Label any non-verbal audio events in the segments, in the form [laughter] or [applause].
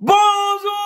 Bonjour!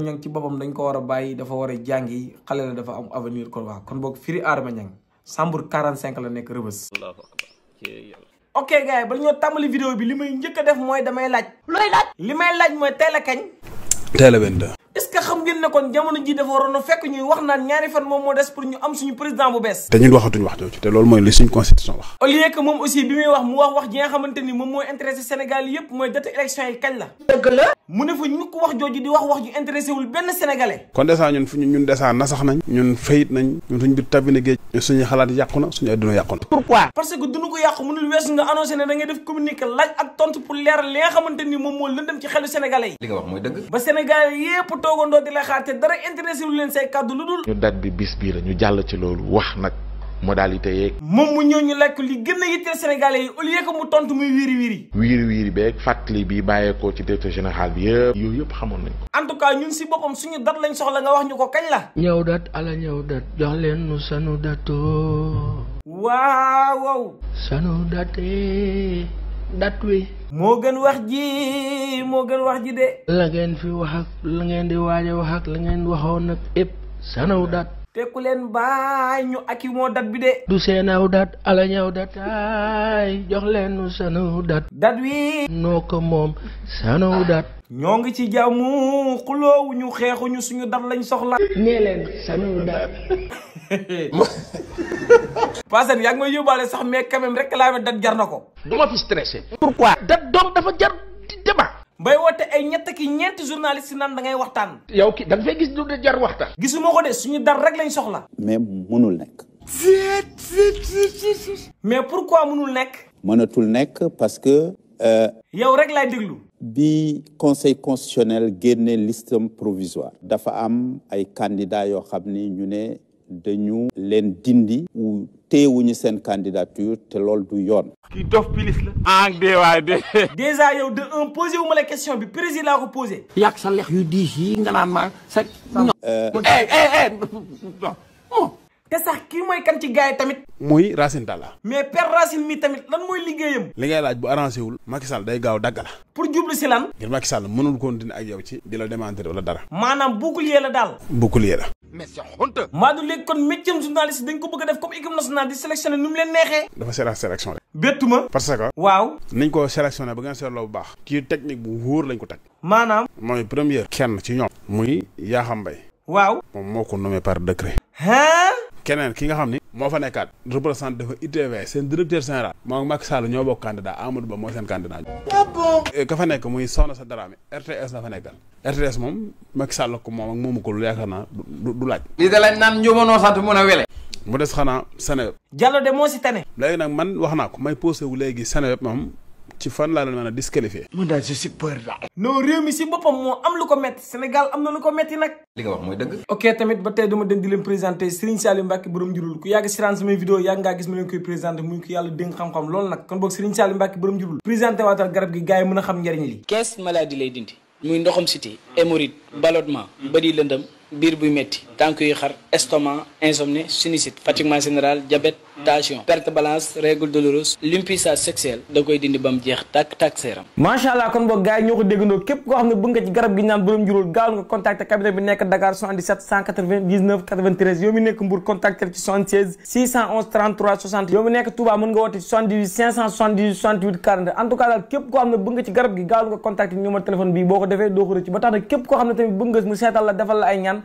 Adama Niang ci boppam dañ ko war a bàyyi dafa war a jàngi xale la dafa am avenir kon waa kon boog Firi Adama Niang Sambour 45 la nekk rëbës. ok gars yi bala ñoo tàmbali vidéo bi li may njëkk a def mooy damay laaj. looy laaj. li may laaj mooy teel a kañ. teel a est-ce que xam ngeen ne kon jamono ji dafa waroon a fekk ñuy wax naan ñaari fan moom moo des pour ñu am suñu président bu bees te ñun waxatuñ wax jooju te loolu mooy li suñ constitution wax au lieu moom aussi bi muy wax mu wax wax ji nga xamante moom mooy intéressé Sénégal yépp mooy date élection yi kañ la mu ne fa ñu ko wax jooju di wax wax ju intéressé wul benn sénégalais kon desaan ñun fu nañ ñun suñ biir tabbi géej suñu xalaat yàqu na suñu moo lëndëm ci xelu sénégalais yi ñëpp di la xaar te dara intéressé leen say kàddu lu dul. ñu dat bi bis bii la ñu jàll ci loolu wax nag modalité yeeg. moom mu ñëw ñu lekk li gën a yitteel sénégalais yi au mu tontu muy wiiri wiiri. wiiri wiiri beeg fàttali bi bàyyeekoo ci directeur général bi yépp yooyu yëpp xamoon nañ ko. en ñun si boppam suñu dat lañ soxla nga wax ñu ko kañ la. ñëw dat ala ñëw dat jox leen nu sanu datoo. waaw. sanu datee. dat wi moo gën wax ji moo gën wax ji de la ngeen fi wax ak la ngeen di waaj a wax ak la ngeen waxoon nag ëpp sanaw dat tekku leen baay ñu aki moo dat bi de du seenaw dat ala ñaw dat ay jox leen nu sanaw dat dat wi noo ko moom sanaw dat ñoo ngi ci jàmm xuloowuñu xeexuñu suñu dar lañ soxla. nee leen sanu dar. [laughs] Paaseen yaa ngi may yóbbaale sax mais quand rek laa dat jar na ko. du ma fi stressé. pourquoi dat doom dafa jar bay woote ay ñett ki ñeenti journaliste naan da ngay waxtaan. yow ki da nga fay gis jar waxtaan. gisuma ko de suñu dar rek lañ soxla. mais mënul nekk. mais pourquoi mënul nekk. mënatul nekk parce que. Euh, yow rek laay déglu. bi conseil constitutionnel une liste provisoire dafa am ay candidats ñu dindi ou sen candidature té du yoon. ki dof pilis la. ah de. [laughs] déjà yow de un posé wu la question bi président la ko posé. yak sa lex yu nga euh, eh eh, eh te sax kii mooy kan ci gars yi tamit. muy Racine Talla. mais père Racine mi tamit lan mooy liggéeyam. li ngay laaj bu arrangé wul. Macky Sall day gaaw dagg la. pour jublu si lan. ngir Macky Sall mënul continuer ak yow ci di la démentir wala dara. maanaam bouclier la daal. bouclier la. mais c'est honte. maanaam léegi kon métier journaliste dañ ko bëgg a def comme équipe nationale di sélectionné nu mu leen neexee. dafa seera sélection rek. bettu ma. parce que. waaw. nañ ko sélectionné ba ngeen seetloo bu baax. kii technique bu wóor lañ ko teg. maanaam. mooy première. kenn ci ñoom. muy Yakham Mbaye. waaw. moom moo ko nommé keneen ki nga xam ni moo fa nekkaat représenté dafa ITV seen directeur général moom Macky Sall ñoo bokk candidat Amadou Ba mooy seen candidat eh, ka fa nekk muy Soxna sa Dramé RTS la fa nekkal RTS moom ko moom moomu ko lu yaakaar naa du laaj li da lañ naan njumanoo sant mun a wele mu des xanaa Seneweb Diallo de moo si tane léegi nag man wax naa ko may posé wu léegi Seneweb moom ci fan laa leen mën a disqualifié. man daal je suis peur daal. non réew mi si boppam moo am lu ko metti Sénégal am na lu ko metti nag. li nga wax mooy dëgg. ok tamit ba tey dama den di leen présenté Serigne Saliou Mbacke borom njurul ku yàgg si ren samay vidéo yàgg ngaa gis ma leen koy présenté muy ko yàlla dénk xam-xam loolu nag kon boog Serigne Saliou Mbacke borom njurul présenté waatal garab gi gars yi a xam njariñ li. quinze maladies lay dindi. muy ndoxam tension perte balance règle douloureuse l'impuissance sexuelle da koy dindi ba mu jeex tàkk tàkk seeram macha allah kon boog gars yi ko déggandoo képp koo xam ne bëgg nga ci garab gi naan borom juróol gaaw nga contacter cabinet bi boo ko defee doo ko ba tax na képp koo xam ne tamit bëgg nga mu seetal la defal la ay ñaan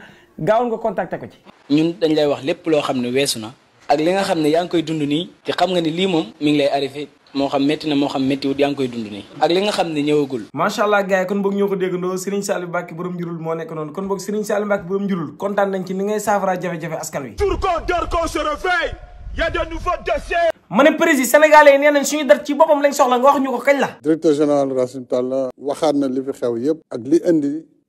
gaawul nga contacter ko ci ñun dañ lay wax lépp loo xam ne weesu na ak li nga xamne yang koy dund ni te xam nga ni li mom mi ngi lay arrivé mo xam metti na mo xam metti wut yang koy dund ni ak li nga xamne ñewagul ma sha allah gaay kon bok ñoko deg ndo Serigne salih bakki borom jurul mo nek non kon bok Serigne salih bakki borom jurul contane nañ ci ni ngay safara jafé jafé askan wi pour ko dor ko se réveil y a de nouveaux dossiers mané prési sénégalais yi suñu dar ci bopam lañ soxla nga wax ñuko kañ la directeur général Racine Talla waxaat na li fi xew yépp ak li indi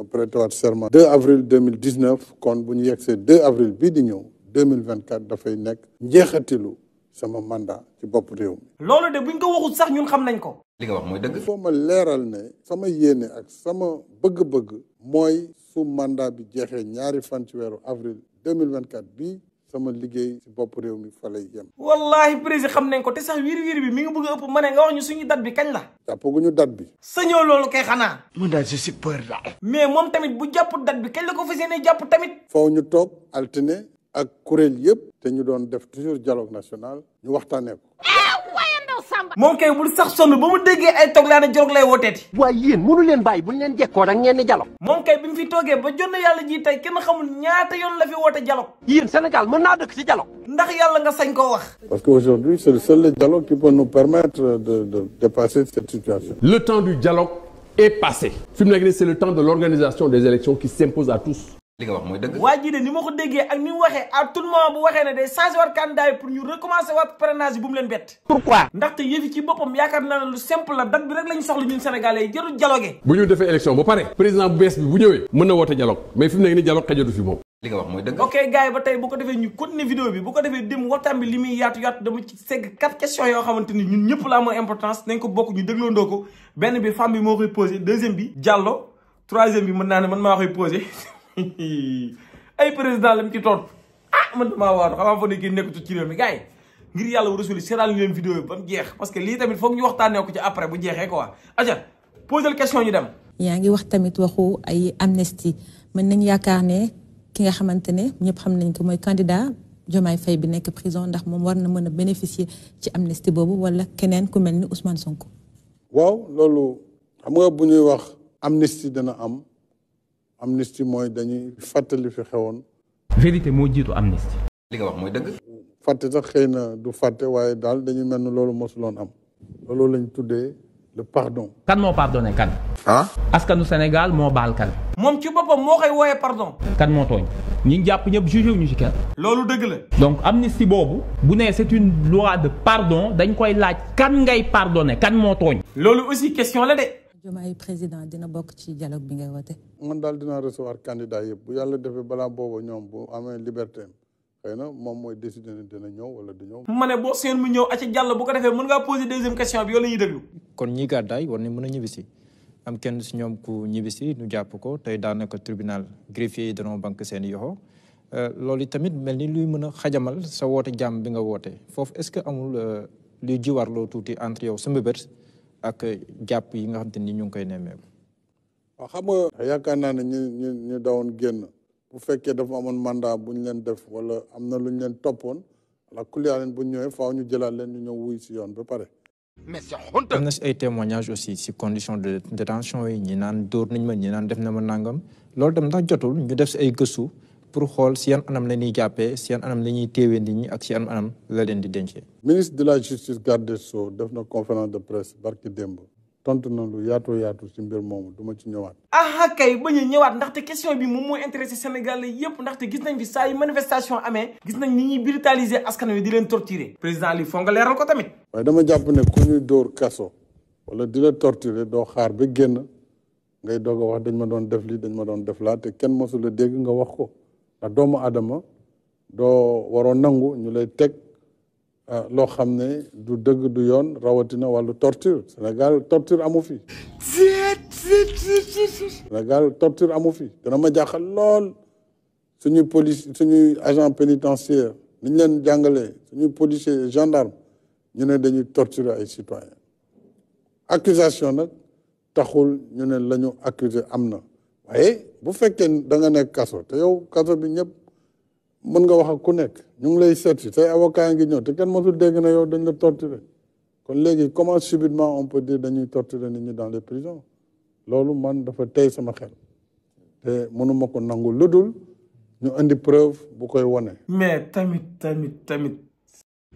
ma prêtewaat serment 2 avril 2019 kon bu ñu yegsee 2 avril bii di ñëw 2024 dafay nekk njeexatilu sama mandat ci bopp réew mi loolu de buñ ko waxul sax ñun xam nañ ko li nga ma leeral ne sama yéene ak sama bëgg-bëgg mooy su mandat bi jeexee ñaari fan ci weeru avril 2024 bii sama liggéey si bopp réew mi fa lay yem wallahi président xam nañ ko te sax wiir wiir bi mi ngi a ëpp ma ne nga wax ñu suñu date bi kañ la jàppaguñu date bi sañoo loolu kay xanaa man daal je suis peur daal mais moom tamit bu jàpp date bi kañ la ko fas yéene jàpp tamit foofu ñu toog altine ak kuréel yëpp te ñu doon def toujours dialogue national ñu waxtaanee ko moom kay bul sax sonn ba mu déggee ay toog laa ne jorog lay wooteeti waaye yéen mënu leen bàyyi buñu leen jekkoo rek ngeen di jalo moom kay bi mu fi toogee ba jot na yàlla ji tey kenn xamul ñaata yoon la fi woote jalo yéen Sénégal mën dëkk ci jalo ndax yàlla nga sañ koo wax parce que aujourd'hui c'est le seul dialogue qui peut nous permettre de de dépasser cette situation le temps du dialogue est passé fi mu nekk c'est le temps de l'organisation des élections qui s'impose à tous li wax mooy dëgg. waa de ni ma ko ak ni waxé waxee à tout moment bu waxé né day changer waat candidat pour ñu recommencer waat parrainage bu mu leen bét pourquoi. ndax té yëfi ci boppam yaakaar na ne lu simple la date bi rek lañ soxlu ñun sénégalais yi jarul dialogue. bu ñu défé élection bu paré président bu bees bi bu ñëwé mëna na woote dialogue mais fi mu nekk nii dialogue xajatu fi moom. li nga wax moy dëgg. ok gars ba tay bu ko défé ñu continuer vidéo bi bu ko defee dem waxtaan bi limi muy yaatu yaatu dama ci ségg quatre questions yo xamante ñun ñëpp la amoo importance nañ ko bokk ñu dégloondoo ko benn bi fam bi mo koy poser deuxième bi Diallo troisième bi mëna né man ma koy poser [laughs] ay président lam ci toon ah man damaa xamaa fa ne kii ci réew mi gars ngir yàlla war a suli seetaan leen vidéo yi ba mu jeex parce lii tamit foog ñu waxtaanee ko ci après bu jeexee quoi aja posel yaa ngi wax tamit waxu ay amnistie mën nañ yaakaar ne ki nga xamante ne ñëpp xam nañ ko mooy candidat Diomaye Faye bi nekk prison ndax moom war na mën a bénéficier ci amnistie boobu wala keneen ku mel ni Ousmane Sonko waaw loolu xam nga bu ñuy wax amnistie dana am amnistie moy dañuy fatali fi xewon vérité mo jitu amnistie. li nga wax moy deug faté sax xeyna du faté waye dal dañuy mel lolu loolu mosuloon am. lolu lañ tuddé le pardon. kan mo pardonné kan. ah. askanu Sénégal mo bal kan. mom ci bopam mo koy woyé pardon. kan mo togn ñi japp ñëpp jugé ñu ci kenn. lolu deug la. donc amnistie bobu bu né c'est une loi de pardon dañ koy laaj kan ngay pardonné kan mo togn lolu aussi question la dé Diomaye président dina bokk ci dialogue bi ngay woote. man daal dinaa recevoir candidat yëpp bu yàlla defee balaa booba ñoom bu amee liberté xëy moom mooy décider ne dina ñëw wala du ñëw. ma ne boo seen mu ñëw àcc jàll bu ko defee mën ngaa poser deuxième question bi yow la ñuy déglu. kon ñi gàddaay war nañ mën a ñibbisi am kenn si ñoom ku ñibbisi ñu jàpp ko tey daanaka tribunal greffier yi danoo banque seen yoxo euh, loolu tamit mel ni luy mën a xajamal sa woote jàmm bi nga woote foofu est-ce que amul euh, luy jiwarloo tuuti entre yow sa mbëbët ak jàpp yi nga xam te ni ñu ngi koy nemmeeku. waaw xam nga yaakaar naa ne ñu ñu ñu dawoon génn bu fekkee dafa amoon mandat bu ñu leen def wala am na lu ñu leen toppoon la kuliyaaleen bu ñu ñëwee faaw ñu jëlaat leen ñu ñëw wuy si yoon ba pare. mais c'est honte. am na si ay témoignages aussi si condition de détention yi ñi naan dóor nañ ma ñi naan def na ma nangam loolu tam ndax jotul ñu def si ay gëstu. pour xool si an anam la ñuy jàppee si yan anam la ñuy téewee nit ñi ak si yan anam la leen di dence ministre de la justice Garde des Sceaux def na conférence de presse barki démb. tontu na lu yaatu yaatu ci mbir moomu ci ñëwaat. aha ba ñu ñëwaat ndaxte question bi moom moo intéressé Sénégal yëpp ndaxte gis nañ saa yu manifestation amee. gis nañ ni ñuy brutaliser askan wi di leen torturer. président li foog nga leeral ko tamit. waaye dama jàpp ne ku ñuy dóor kaso wala di la torturer doo xaar ba génn ngay doog a wax dañ ma doon def lii dañ ma doon def laa te kenn mosu la dégg nga wax ko. da doomu adama doo waroo nangu ñu lay teg ah, loo xam du dëgg du yoon rawatina wàllu torture Sénégal torture amu fi. Sénégal torture amu fi dana ma jaaxal lool suñu police suñuy agent pénitentiaire niñ leen jàngalee suñuy policier gendarme ñu ne dañuy torturer ay citoyen accusation nag taxul ñu ne la ñu accuser am waaye bu fekkee da nga nekk kaso te yow kaso bi ñëpp mën nga wax ak ku nekk ñu ngi lay seet si say avocat ngi ñëw te kenn mosul dégg na yow dañ la torturer kon léegi comment subitement on peut dire dañuy torturer nit ñu dans les prisons loolu man dafa tey sama xel te mënuma ko nangu ludul ñu indi preuve bu koy wone mais tamit tamit tamit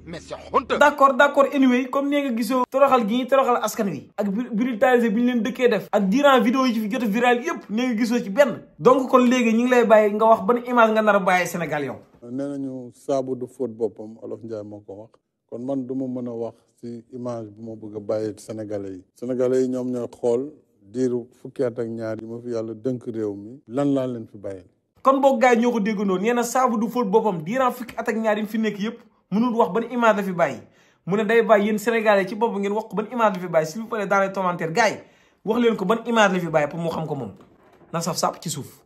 mais c'est honte. d'accord d'accord anyway comme nee nga gisoo toroxal gi ñuy toroxal askan wi ak brutalisé bi ñu leen dëkkee def ak durant vidéo yi ci fi jot viral yëpp nee nga gisoo ci benn donc kon léegi ñu ngi lay bàyyi nga wax ban image nga nar a bàyyi Sénégal yow nee nañu saabu du fóot boppam Olof Njaay moo ko wax kon man du ma mën a wax ci image bu ma bëgg a bàyyi Sénégalais yi Sénégalais yi ñoom ñooy xool diiru fukki at ñaar yi ma fi yàlla dënk réew mi lan laa leen fi bàyyil kon boo gars yi ñoo ko déggandoo nee na saabu du fóot boppam diiran fukki at ñaar yi fi nekk yëpp mënul wax ban image la fi bàyyi mu ne day bàyyi yéen sénégalais ci bopp ngeen wax ko ban image la fi bàyyi s'il vous plaît dans les commentaires wax leen ko ban image la fi bàyyi pour mu xam ko moom na saf sàpp ci suuf